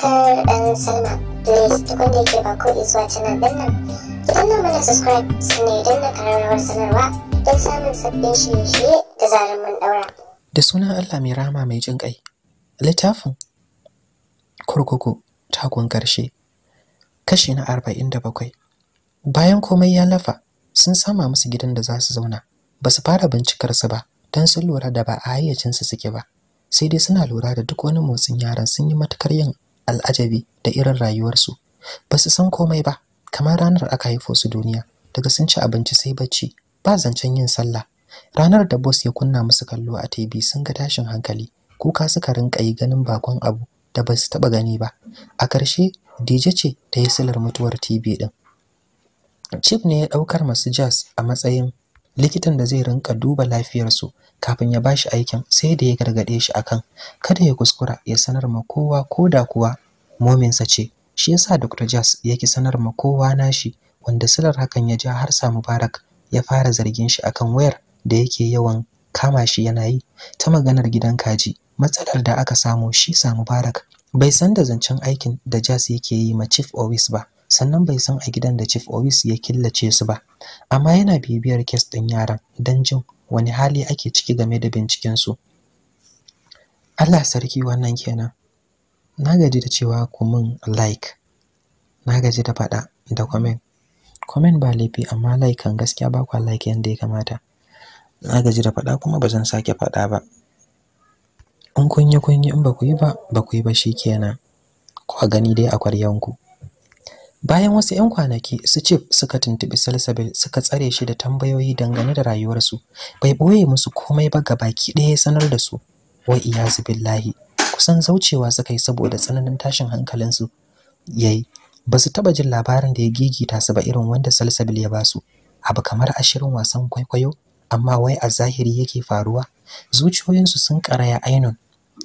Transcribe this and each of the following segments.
subscribe and sign up. Please ke subscribe sanarwa don samun sabbin da zarar sunan Allah mai rama mai jin kai. Littafin kurkuku takon karshe kashi na arba'in da bakwai. Bayan komai ya lafa sun sama musu gidan da za su zauna ba su fara bincikarsu ba don sun lura da ba a hayyacinsu suke ba sai dai suna lura da duk wani motsin yaran sun yi matukar yin al'ajabi da irin rayuwarsu ba su san komai ba kamar ranar aka haifo su duniya daga sun ci abinci sai bacci ba zancen yin sallah ranar da Bos ya kunna musu kallo a TV sun ga tashin hankali kuka suka rinka yi ganin bakon abu da ba su taba gani ba a ƙarshe DJ ce ta yi silar mutuwar TV din Chip ne ya ɗaukar masu jazz a matsayin likitan da zai rinka duba lafiyarsu kafin ya bashi aikin sai da ya gargade shi akan kada ya kuskura ya sanar ma kowa ko da kuwa mominsa ce shi yasa Dr. Jazz yake sanar ma kowa nashi wanda silar hakan ya ja har sa Mubarak ya fara zargin shi akan wayar da yake yawan kama shi yana yi ta maganar gidan kaji matsalar da aka samu shi sa Mubarak bai san da zancen aikin da Jazz yake yi ma Chief Owis ba sannan bai san a gidan da Chief Owis ya killace su ba amma yana bibiyar kes din yaran don jin wani hali ake ciki game da bincikensu Allah sarki wannan kenan na gaji da cewa ku min like na gaji da faɗa da comment comment ba laifi amma like kan gaskiya ba kwa like yanda ya kamata na gaji da faɗa kuma ba zan sake faɗa ba in kun yi kun yi in ba ku yi ba ba ku yi ba shikenan ku gani dai a kwaryanku bayan wasu 'yan kwanaki su chief suka tuntuɓi salsabil suka tsare shi da tambayoyi dangane da rayuwarsu bai ɓoye musu komai ba ga baki ɗaya sanar da su wa iyazu billahi kusan zaucewa suka yi saboda tsananin tashin hankalinsu yayi ba su taba jin labarin da ya gigita su ba irin wanda salsabil ya ba su. abu kamar ashirin wasan kwaikwayo amma wai a zahiri yake faruwa zuciyoyinsu sun karaya ainun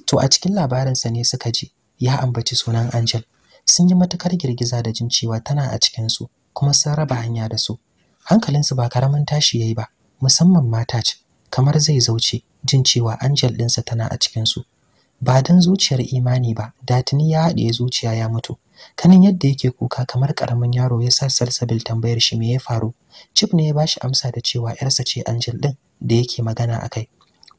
to a cikin labarinsa ne suka ji ya ambaci sunan angel sun yi matukar girgiza da jin cewa tana a cikin su kuma sun raba hanya da su hankalinsu ba karamin tashi yayi ba musamman mata ce kamar zai zauce jin cewa angel ɗinsa tana a cikin su ba dan zuciyar imani ba da tuni ya haɗe zuciya ya mutu kanin yadda yake kuka kamar karamin yaro ya sa salsabil tambayar shi me ya faru chip ne ya bashi amsa da cewa yarsa ce angel ɗin da yake magana a kai.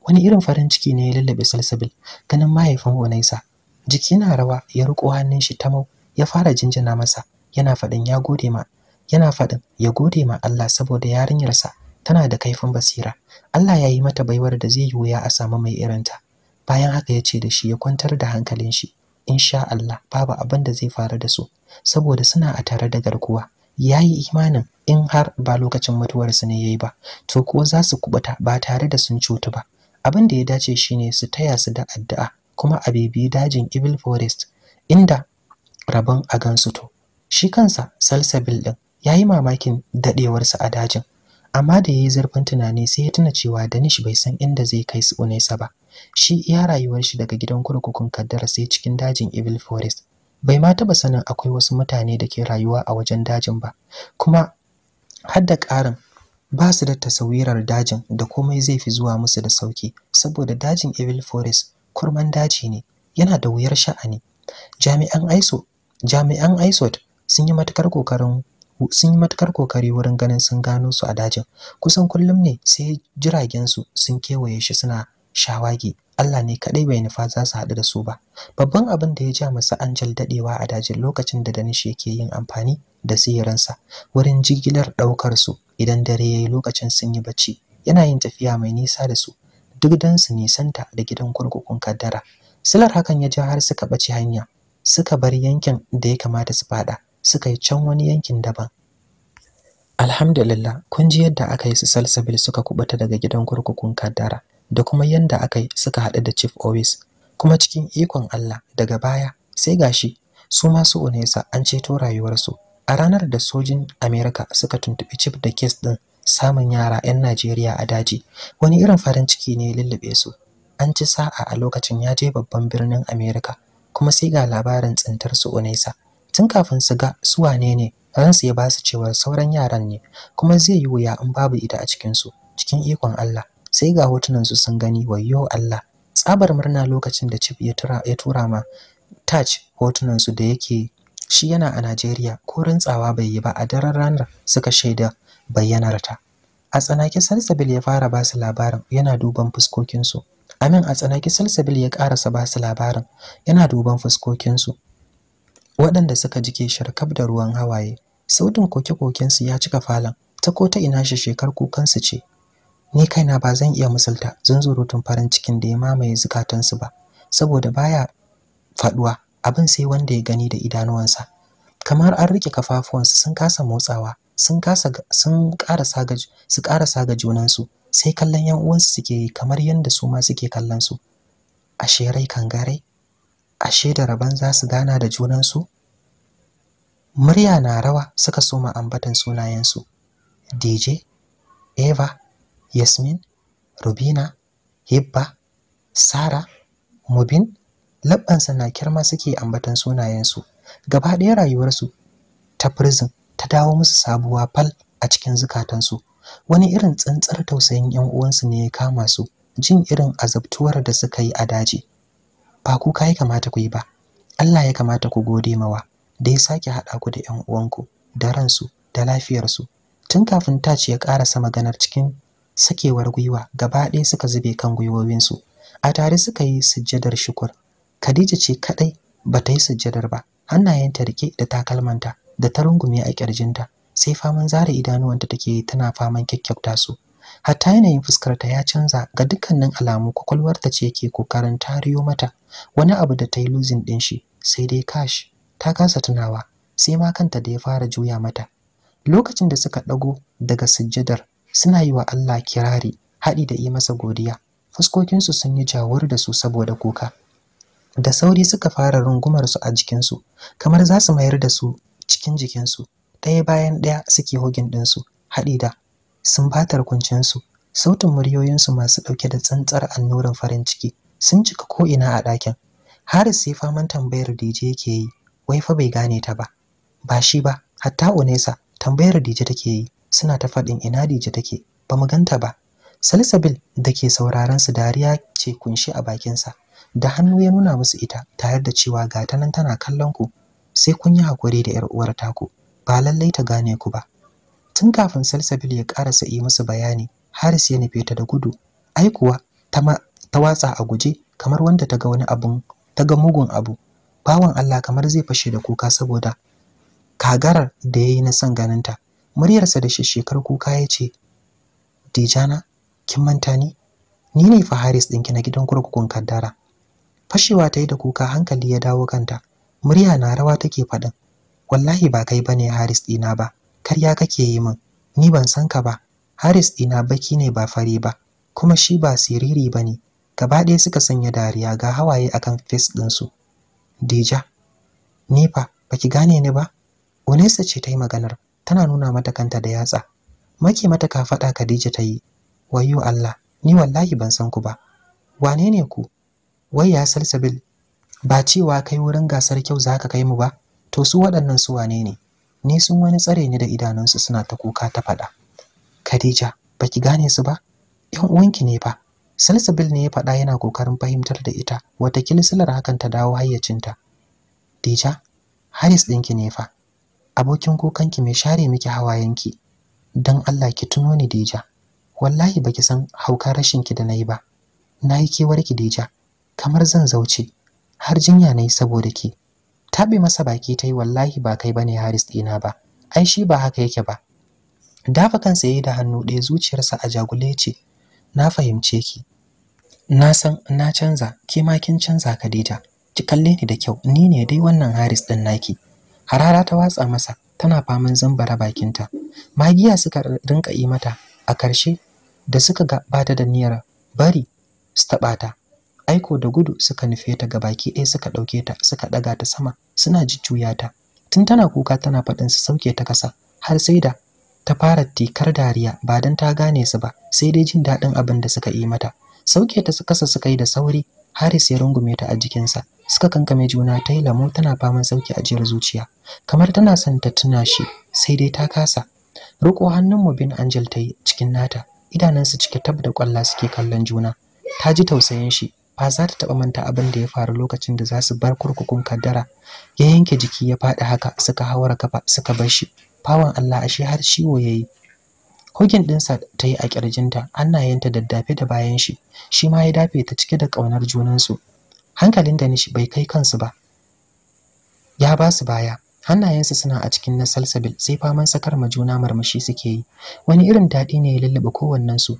wani irin farin ciki ne ya lallabe salsabil ganin mahaifin onaisa jiki na rawa ya riko hannun shi tamau ya fara jinjina masa yana faɗin ya gode ma yana faɗin ya gode ma Allah saboda yarinyarsa tana da kaifin basira Allah ya yi mata baiwar da zai yi wuya a samu mai irinta bayan haka ya ce da shi ya kwantar da hankalin shi insha Allah babu abin da zai faru da su saboda suna a tare da garkuwa ya yi imanin in har ba lokacin mutuwarsu ne ya yi ba to ko za su kubuta ba tare da sun cutu ba abin da ya dace shine su taya su da addu'a kuma a bibiyi dajin evil forest inda rabon a gansu shi kansa salsabil din yayi mamakin sa a dajin amma da yayi zurfin tunani sai ya tuna cewa Danish bai san inda zai kai su Unesa ba shi iya rayuwar shi daga gidan kurkukun kaddara sai cikin dajin Evil Forest bai ma taba sanin akwai wasu mutane da ke rayuwa a wajen dajin ba kuma har da karin ba su da tasawirar dajin da komai zai fi zuwa musu da sauki saboda dajin Evil Forest kurman daji ne yana da wuyar sha'ani jami'an ISO jami'an isot sun yi matukar kokarin sun yi matakar kokari wurin ganin sun gano su a dajin kusan kullum ne sai jiragen su sun kewaye shi suna shawagi Allah ne kadai bai nufa za su haɗu da su ba babban abin da ya ja masa anjal dadewa a dajin lokacin da danish yake yin amfani da sihirinsa wurin jigilar ɗaukar su idan dare yayi lokacin sun yi bacci yana yin tafiya mai nisa da su duk dan su nisanta da gidan kurkukun kaddara silar hakan ya ja har suka ɓace hanya suka bar yankin da ya kamata su fada suka yi can wani yankin daban alhamdulillah kun ji yadda aka yi su salsabil suka kubuta daga gidan kurkukun kaddara da kuma yadda aka yi suka haɗu da chief always kuma cikin ikon Allah daga baya sai gashi su masu unesa an ceto rayuwarsu a ranar da sojin Amerika suka tuntuɓi chief da kes din samun yara 'yan Najeriya a daji wani irin farin ciki ne lullube su an ci sa'a a lokacin ya je babban birnin Amerika kuma sai ga labarin tsintar su Unaisa tun kafin su ga su wane ne ransu ya ba su cewar sauran yaran ne kuma zai yi wuya in babu ita a cikin su cikin ikon Allah sai ga hotunan su sun gani wayo Allah tsabar murna lokacin da Chip ya tura ya tura ma touch hotunan su da yake shi yana a Najeriya ko rintsawa bai yi ba a daren ranar suka shaida bayyanarta a tsanake sarsabil ya fara ba su labarin yana duban fuskokin su amin a tsanaki salsabil ya karasa ba su labarin yana duban fuskokinsu waɗanda suka jike sharkaf da ruwan hawaye sautin koke-kokensu ya cika falon ta ko ta ina shi shekar kukansu ce ni kaina ba zan iya misalta zunzurutun farin cikin da ya mamaye zukatansu ba saboda baya faɗuwa abin sai wanda ya gani da idanuwansa kamar an rike kafafuwansu sun kasa motsawa sun kasa sun ga junansu sai kallon yan uwansu suke kamar yadda su ma suke kallon su ashe rai garai, ashe da rabon za su gana da junansu murya na rawa suka soma ambatan sunayensu dj eva yasmin rubina hibba sara mubin labbansa na kirma suke ambatan sunayensu gaba ɗaya rayuwarsu ta prison ta dawo musu sabuwa fal a cikin zukatansu wani irin tsantsar tausayin yan uwansu ne ya kama su jin irin azabtuwar da suka yi a daji ba ku kai kamata ku yi ba Allah ya kamata ku gode mawa da ya sake haɗa ku da yan uwanku da ransu da lafiyarsu tun kafin taci ya karasa maganar cikin sakewar gwiwa gaba ɗaya suka zube kan gwiwowinsu a tare suka yi sujjadar shukur Khadija ce kadai bata yi sujjadar ba hannayenta rike da takalmanta da ta rungumi a kirjinta sai faman zare idanuwanta take tana faman kyakkyauta su hatta yanayin fuskarta ya canza ga dukkanin alamu kwakwalwarta ce ke kokarin tariyo mata wani abu da ta yi losing din shi sai dai kash ta kasa tunawa sai ma kanta da ya fara juya mata lokacin da suka ɗago daga sujjadar suna yi wa Allah kirari haɗi da yi masa godiya fuskokinsu sun yi jawar da su saboda kuka da sauri suka fara rungumar su a jikinsu kamar za su mayar da su cikin jikinsu ɗaya bayan ɗaya suke hogin ɗinsu haɗi da sun batar kuncinsu sautin muryoyinsu masu ɗauke da tsantsar annorin farin ciki sun cika ko'ina a ɗakin haris sai faman tambayar dije yake yi wai fa bai gane ta ba ba shi ba hatta onesa tambayar dije take yi suna ta faɗin ina dije take ba mu ganta ba Salisabil da ke sauraren su dariya ce kunshi a bakinsa da hannu ya nuna musu ita tare da cewa ga ta nan tana kallon ku sai kun yi hakuri da 'yar uwar taku ba lallai ta gane ku ba tun kafin salsabil ya karasa yi musu bayani haris ya nufe ta da gudu ai kuwa ta watsa a guje kamar wanda ta ga wani abun ta ga mugun abu bawan Allah kamar zai fashe da kuka saboda kagarar da yayi na son ganinta muryarsa da shishshekar kuka ya ce Dijana kin manta ni ni ne fa Haris ɗinki na gidan kurkukun Kaddara fashewa ta yi da kuka hankali ya dawo kanta murya na rawa take faɗin wallahi ba kai bane Haris dina ba karya kake yi min ni ban san ka ba Haris dina baki ne ba fari ba kuma shi ba siriri bane gaba ɗaya suka sanya dariya ga hawaye akan face su Dija ni fa baki gane ni ba Onesa ce ta yi maganar tana nuna mata kanta da yatsa maki mata ka faɗa Khadija ta yi wayo Allah ni wallahi ban san ku ba wane ne ku wai ya salsabil ba cewa kai wurin gasar kyau zaka kai mu ba to su waɗannan su wane ne ni sun wani tsare ne da idanunsu suna ta kuka ta faɗa Khadija baki gane su ba Yan uwanki ne fa Salsabil ne ya faɗa yana kokarin fahimtar da ita wata kilisilar hakan ta dawo hayyacinta Dija Haris ɗinki ne fa abokin kukanki mai share miki hawayenki dan Allah ki tuno ni Dija wallahi baki san hauka rashin ki da nayi ba nayi ki, Dija kamar zan zauce har jinya nayi saboda ki tabe masa baki ta yi wallahi ba kai bane Haris ɗina ba ai shi ba haka yake ba dafa kansa yayi da hannu ɗaya zuciyarsa a jagule ce na fahimce ki na san na canza ke ma kin canza Khadija ki kalle ni da kyau ni ne dai wannan Haris ɗin naki harara ta watsa masa tana faman zambara bakinta magiya suka rinka yi mata a karshe da suka ga bata da niyyar bari su taɓa ta aiko da gudu suka nufe ta ga baki ɗaya suka ɗauke ta suka ɗaga ta sama suna jujjuya ta tun tana kuka tana faɗin su sauke ta kasa har sai da ta fara tikar dariya ba don ta gane su ba sai dai jin daɗin abin da suka yi mata sauke ta kasa suka yi da sauri Haris ya rungume ta a jikinsa suka kankame juna ta yi lamo tana faman sauki a jiyar zuciya kamar tana son ta tuna shi sai dai ta kasa riko hannun mu bin Angel ta yi cikin nata idanunsu cike tab da kwalla suke kallon juna ta ji tausayin shi ba za ta taɓa manta abin da ya faru lokacin da za su bar kurkukun kaddara ya yanke jiki ya faɗi haka suka haura kafa suka bar shi fawon Allah ashe har ciwo yayi hugin ɗinsa ta yi a ƙirjinta hannayenta daddafe da bayan shi shi ma ya dafe ta cike da ƙaunar junansu hankalin da nishi bai kai kansu ba ya ba su baya hannayensu suna a cikin na salsabil sai faman sakar ma juna marmashi suke yi wani irin daɗi ne ya lullube kowannensu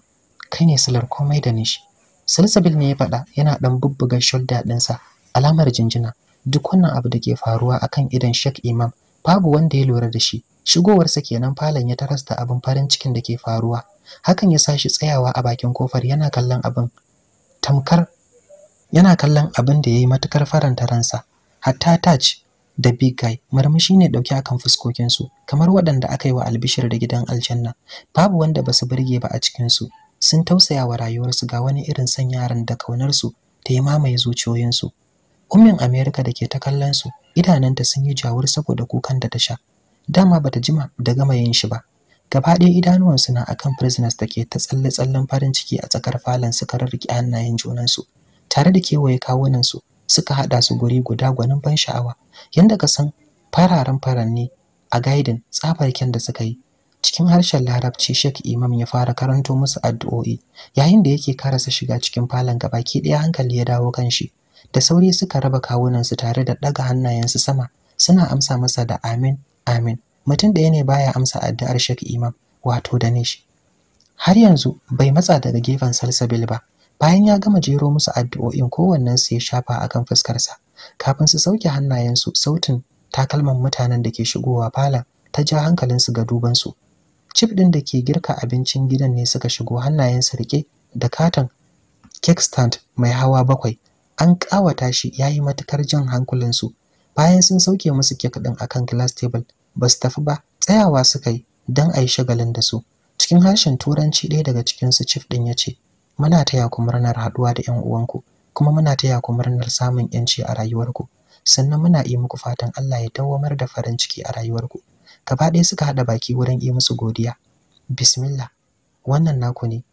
kai ne salar komai da nishi salsabil ne ya faɗa yana ɗan bubbuga shoulder ɗinsa alamar jinjina duk wannan abu da ke faruwa akan idan Sheikh Imam babu wanda ya lura da shi shigowarsa kenan falon ya tarasta abin farin cikin da ke faruwa hakan ya sashi tsayawa a bakin kofar yana kallon abin tamkar yana kallon abin da yayi matukar faranta ransa hatta touch da big guy marmashi ne dauke akan fuskokinsu. kamar waɗanda aka yi wa albishir da gidan aljanna babu wanda basu burge ba a cikin su sun tausaya wa rayuwarsu ga wani irin son yaran da kaunarsu ta yi mamaye zuciyoyinsu ummin amerika da ke ta kallonsu idananta sun yi jawur saboda kukan da ta sha dama bata jima da gama yin shi ba gaba ɗaya idanuwansu na akan prisoners da ke ta tsalle-tsallen farin ciki a tsakar falon suka rarriƙe hannayen junansu tare da kewaye kawunansu suka haɗa su guri guda gwanin ban sha'awa yadda ka san fararen faranni a gaidin tsafarken ken da suka yi cikin harshen larabci Sheikh Imam ya fara karanto musu addu'o'i yayin da yake karasa shiga cikin falon gabaki ɗaya hankali ya dawo kan shi da sauri suka raba kawunan su tare da ɗaga hannayensu sama suna amsa masa da amin amin mutum ɗaya ne baya amsa addu'ar Sheikh Imam wato da shi. har yanzu bai matsa daga gefen salsabil ba bayan ya gama jero musu addu'o'in kowannen su ya shafa akan fuskarsa kafin su sauke hannayensu sautin takalman mutanen da ke shigowa falon ta ja hankalinsu ga dubansu cif ɗin da ke girka abincin gidan ne suka shigo hannayensa riƙe da katon cake stand mai hawa bakwai an ƙawata shi yayi yi matukar jin hankulinsu bayan sun sauke musu kek ɗin akan glass table ba su tafi ba tsayawa suka yi don a shagalin da su cikin harshen turanci ɗaya daga cikinsu cif ɗin ya ce muna taya ku murnar haduwa da 'yan uwanku kuma muna taya ku murnar samun 'yanci a rayuwarku sannan muna yi muku fatan Allah ya dawwamar da farin ciki a rayuwarku gaba ɗaya suka haɗa baki wurin yi musu godiya bismillah wannan naku ne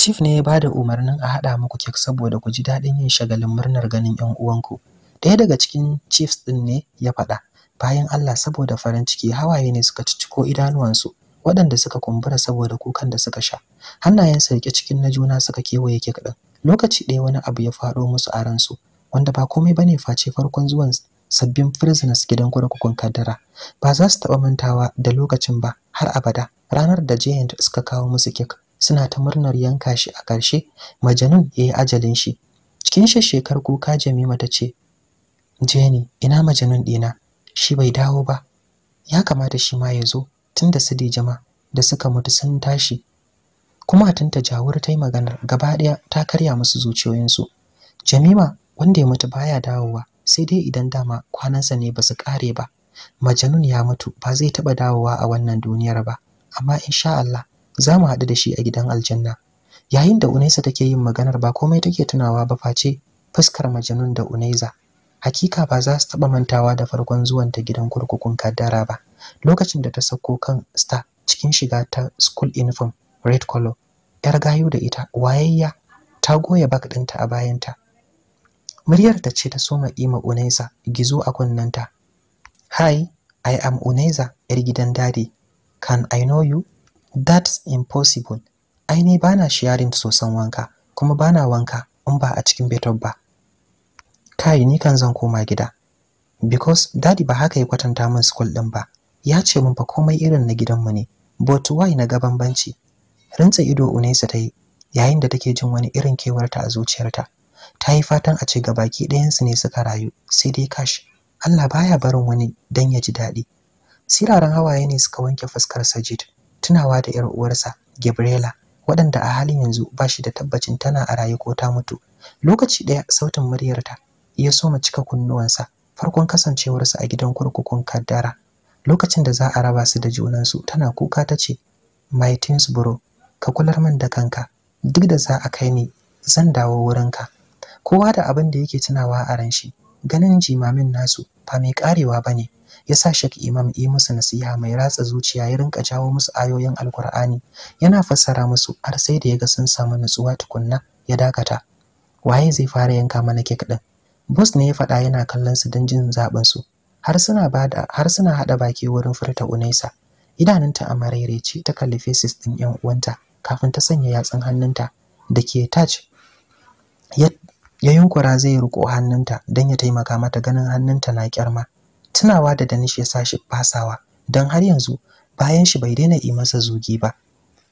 chief ne ya ba da umarnin a haɗa muku kek saboda ku ji daɗin yin shagalin murnar ganin 'yan uwanku ɗaya daga cikin chiefs ɗin ne ya faɗa bayan allah saboda farin ciki hawaye ne suka cicciko idanuwansu waɗanda suka kumbura saboda kukan da suka sha hannayen sarki cikin na juna suka kewaye kek ɗin lokaci ɗaya wani abu ya faɗo musu a ransu wanda ba komai bane face farkon zuwan sabbin prisoners gidan kurkukun kaddara ba za su taɓa mantawa da lokacin ba har abada ranar da giant suka kawo musu kek suna ta murnar yanka shi a karshe majanun ya yi ajalin shi cikin shekar kuka jamima ta ce jenny ina majanun dina, shi bai dawo ba ya kamata shi ma ya zo tun da su jama da suka mutu sun tashi kuma tunta jawur ta yi maganar gaba ɗaya ta karya musu zuciyoyinsu jamima wanda ya mutu baya dawowa sai dai idan dama kwanansa ne ba su ƙare ba majanun ya mutu ba zai taɓa dawowa a wannan duniyar ba amma insha Allah za mu haɗu da shi a gidan aljanna yayin da unaisa take yin maganar ba komai take tunawa ba face fuskar majanun da unaiza hakika ba za su taɓa mantawa da farkon zuwan ta gidan kurkukun kaddara ba lokacin da ta sauko kan star cikin shiga ta school uniform red color yar gayu da ita wayayya ta goya bak ɗinta a bayanta Muryar ta ce ta soma ima Unaiza gizo a ta. Hi, I am Unaiza, ‘yar gidan dadi. Can I know you? That's impossible. Ai ni bana sharing sosan wanka, kuma bana wanka in ba a cikin beton ba. Kai ni kan zan koma gida. Because dadi ba haka ya kwatanta min school din ba. Ya ce min fa komai irin na gidanmu ne. But why na ga bambanci? Rantsa ido Unaiza ta yi yayin da take jin wani irin kewarta a zuciyarta. ta yi fatan a ce ga baki ɗayansu ne suka rayu sai dai kash Allah baya barin wani dan ya ji daɗi siraran hawaye ne suka wanke fuskar Sajid tunawa da ‘yar uwarsa Gabriela waɗanda a halin yanzu ba shi da tabbacin tana a raye ko ta mutu lokaci ɗaya sautin muryarta ya so mu cika kunnuwansa farkon kasancewarsa a gidan kurkukun kaddara lokacin da za a raba su da junansu tana kuka ta ce my bro ka kular man da kanka duk da za a kai ni zan dawo wurinka kowa da abin da yake tunawa a ran shi ganin jimamin nasu ba mai karewa ba ne ya sa shek imam yi musu nasiha mai ratsa zuciya ya rinka jawo musu ayoyin alkur'ani yana fassara musu har sai da ya ga sun samu nutsuwa tukunna ya dakata waye zai fara yanka mana kek din bus ne ya faɗa yana kallon su don jin zaɓin su har suna bada har suna haɗa baki wurin furta unaisa idanunta a ce ta kalli faces ɗin yan uwanta kafin ta sanya yatsun hannunta da ke touch ya ya yunkura zai riko hannunta don ya taimaka mata ganin hannunta na kyarma tunawa da danish ya sa shi fasawa don har yanzu bayan shi bai daina yi masa zugi ba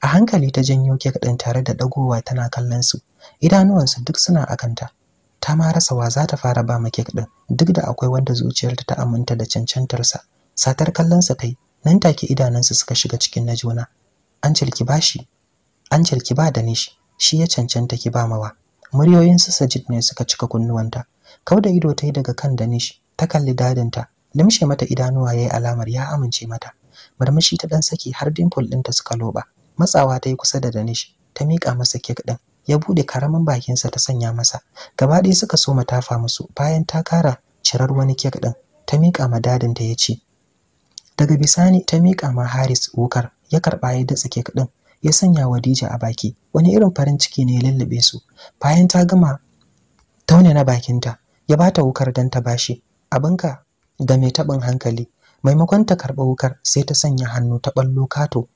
a hankali ta janyo kek ɗin tare da ɗagowa tana kallon su idanuwansu duk suna akanta ta ma rasa wa za ta fara ba ma kek ɗin duk da akwai wanda zuciyarta ta aminta da cancantarsa satar kallonsa ta yi nan take idanunsu suka shiga cikin na juna an cilki ba shi an cilki ba da shi ya cancanta ki ba mawa muryoyin sajid ne suka cika kunnuwanta kau da ido ta yi daga kan danish ta kalli dadinta limshe mata idanuwa ya yi alamar ya amince mata murmushi ta dan saki har dimple ɗinta suka loba matsawa ta yi kusa da danish ta miƙa masa kek ɗin ya bude karamin bakinsa ta sanya masa gaba ɗaya suka so matafa musu bayan ta kara cirar wani kek ɗin ta miƙa ma dadinta ya ce daga bisani ta miƙa ma haris wukar ya karɓa ya datsa kek ɗin ya sanya wa Dija a baki wani irin farin ciki ne ya lallabe su bayan ta gama taune na bakinta ya bata wukar dan ta bashi abinka da mai taɓin hankali maimakon ta karba wukar sai ta sanya hannu ta ɓallo kato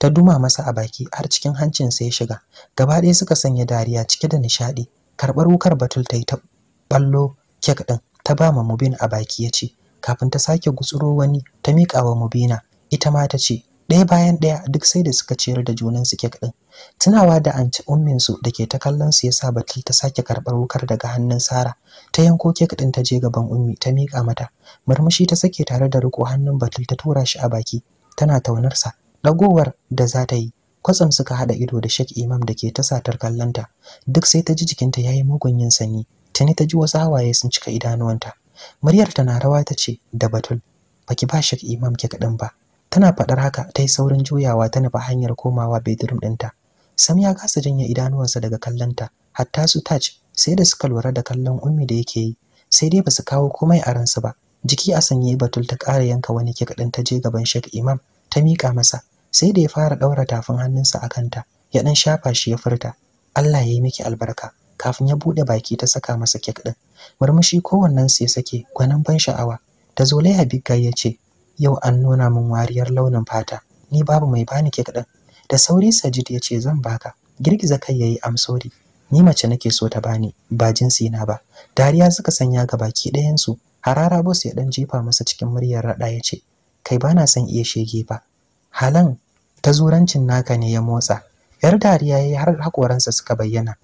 ta duma masa a baki har cikin hancin sa ya shiga gaba ɗaya suka sanya dariya cike da nishaɗi. Karɓar wukar batul ta yi ta ballo kek ɗin, ta ba ma mubin a baki ya ce kafin ta sake gutsuro wani ta miƙa wa mubina ita ma ta ce ɗaya bayan ɗaya duk sai da suka ciyar da junan su kek ɗin tunawa da anti ummin su da ke ta kallon su yasa batul ta sake karɓar wukar daga hannun sara ta yanko kek ɗin ta je gaban ummi ta miƙa mata murmushi ta sake tare da riko hannun batul ta tura shi a baki tana taunarsa ɗagowar da za ta yi kwatsam suka haɗa ido da shek imam da ke ta satar kallonta duk sai ta ji jikinta ya yi mugun yin sanyi tuni ta ji wasu hawaye sun cika idanuwanta muryar ta na rawa ta ce da batul baki ba shek imam kek ɗin ba tana faɗar haka ta yi saurin juyawa ta nufa hanyar komawa bedroom ɗinta sam ya kasa janye idanuwansa daga kallonta hatta su touch sai da suka lura da kallon ummi da yake yi sai dai ba su kawo komai a ransu ba jiki a sanye batul ta ƙara yanka wani kek ɗin ta je gaban shek imam ta miƙa masa sai da ya fara ɗaura tafin hannunsa a kanta ya ɗan shafa shi ya furta Allah ya yi miki albarka kafin ya buɗe baki ta saka masa kek ɗin murmushi kowannen su ya sake gwanin ban sha'awa da zolaiha bigga ya ce yau an nuna min wariyar launin fata ni babu mai bani ke kaɗan. da sauri sajid ya ce zan baka girgiza kai yayi amsori ni mace nake so ta bani ba jinsi na ba dariya suka sanya ga baki ɗayansu harara boss ya ɗan jefa masa cikin muryar raɗa ya ce kai ba na son iya shege ba halan ta zurancin naka ne ya motsa yar dariya yayi har hakoransa suka bayyana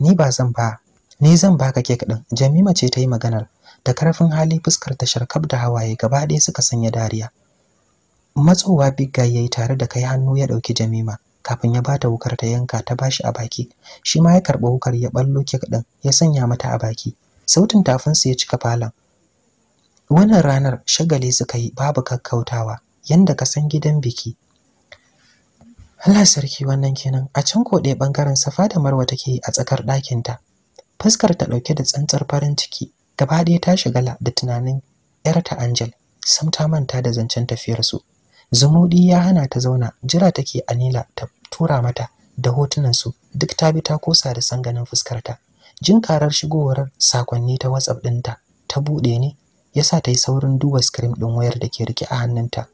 ni ba zan ba ni zan baka kek din jamima ce ta yi maganar da karfin hali fuskar ta sharkab da hawaye gaba ɗaya suka sanya dariya matsowa bigga yayi tare da kai hannu ya dauki jamima kafin ya bata wukar ta yanka ta bashi a baki shi ma ya karba wukar ya ballo kek din ya sanya mata a baki sautin tafin su ya cika falon wannan ranar shagali suka yi babu kakkautawa yanda ka san gidan biki Allah sarki wannan kenan a can ko ɗaya bangaren safa da marwa take a tsakar ɗakinta fuskar ta ɗauke da tsantsar farin ciki gaba ɗaya ta shigala da tunanin 'yar ‘yarta Angel sam ta manta da zancen tafiyar su Zumuɗi ya hana ta zauna jira take Anila ta tura mata da hotunansu duk ta bi ta kosa da sanganin fuskar ta. Jin karar shigowar sakonni ta WhatsApp ɗinta ta buɗe ne yasa ta yi saurin duba screen ɗin wayar da ke rike a hannunta.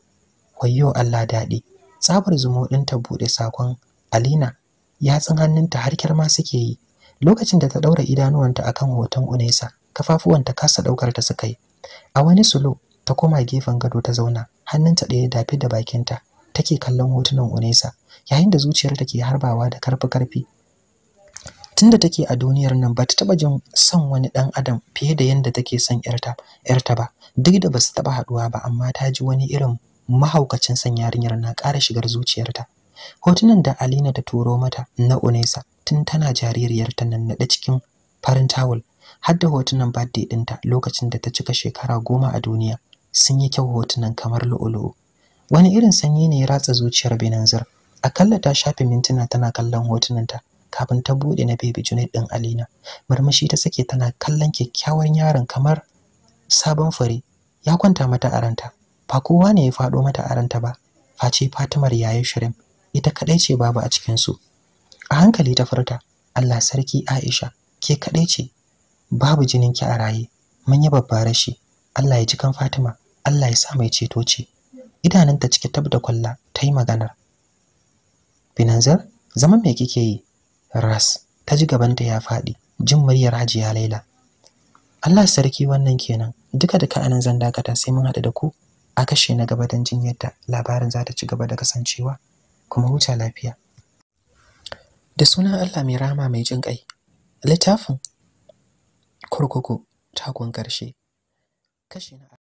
Wayyo Allah daɗi, tsabar zumudin ta buɗe sakon Alina ya tsin hannunta har ma suke yi lokacin da ta daura idanuwanta akan hoton Unesa kafafuwanta kasa daukar ta suka yi a wani sulo ta koma gefen gado ta zauna hannunta ɗaya dafe da bakinta take kallon hotunan Unesa yayin da zuciyar take harbawa da karfi karfi tunda take a duniyar nan ba ta taba jin son wani dan adam fiye da yanda take son yarta yarta ba duk da ba su taba haduwa ba amma ta ji wani irin mahaukacin son yarinyar na ƙara shigar zuciyarta hotunan da Alina ta turo mata na Unesa tun tana jaririyar ta nannaɗe cikin farin tawul har da hotunan birthday ɗinta lokacin da ta cika shekara goma a duniya sun yi kyau hotunan kamar lu'ulu'u wani irin sanyi ne ya ratsa zuciyar a akalla ta shafe mintuna tana kallon hotunanta kafin ta buɗe na baby Junaid ɗin Alina murmushi ta sake tana kallon kyakkyawan yaron kamar sabon fure ya kwanta mata aranta ba kowa ne ya faɗo mata aranta ba face Fatimar yayin shirin. ita kaɗai ce babu a cikin su a hankali ta furta allah sarki aisha ke kaɗai ce babu jininki a raye mun yi babbar rashi allah ya ji kan fatima allah ya sa mai ceto ce idanunta cike tab da kwalla ta yi maganar binanzar zaman me kike yi ras ta ji gabanta ya faɗi jin muryar hajiya laila allah sarki wannan kenan duka da ka anan zan dakata sai mun haɗu da ku a kashe na gaba don jin yadda labarin za ta ci gaba da kasancewa kuma huta lafiya da sunan Allah mai rama mai jin ƙai littafin kurkuku takon ƙarshe kashi na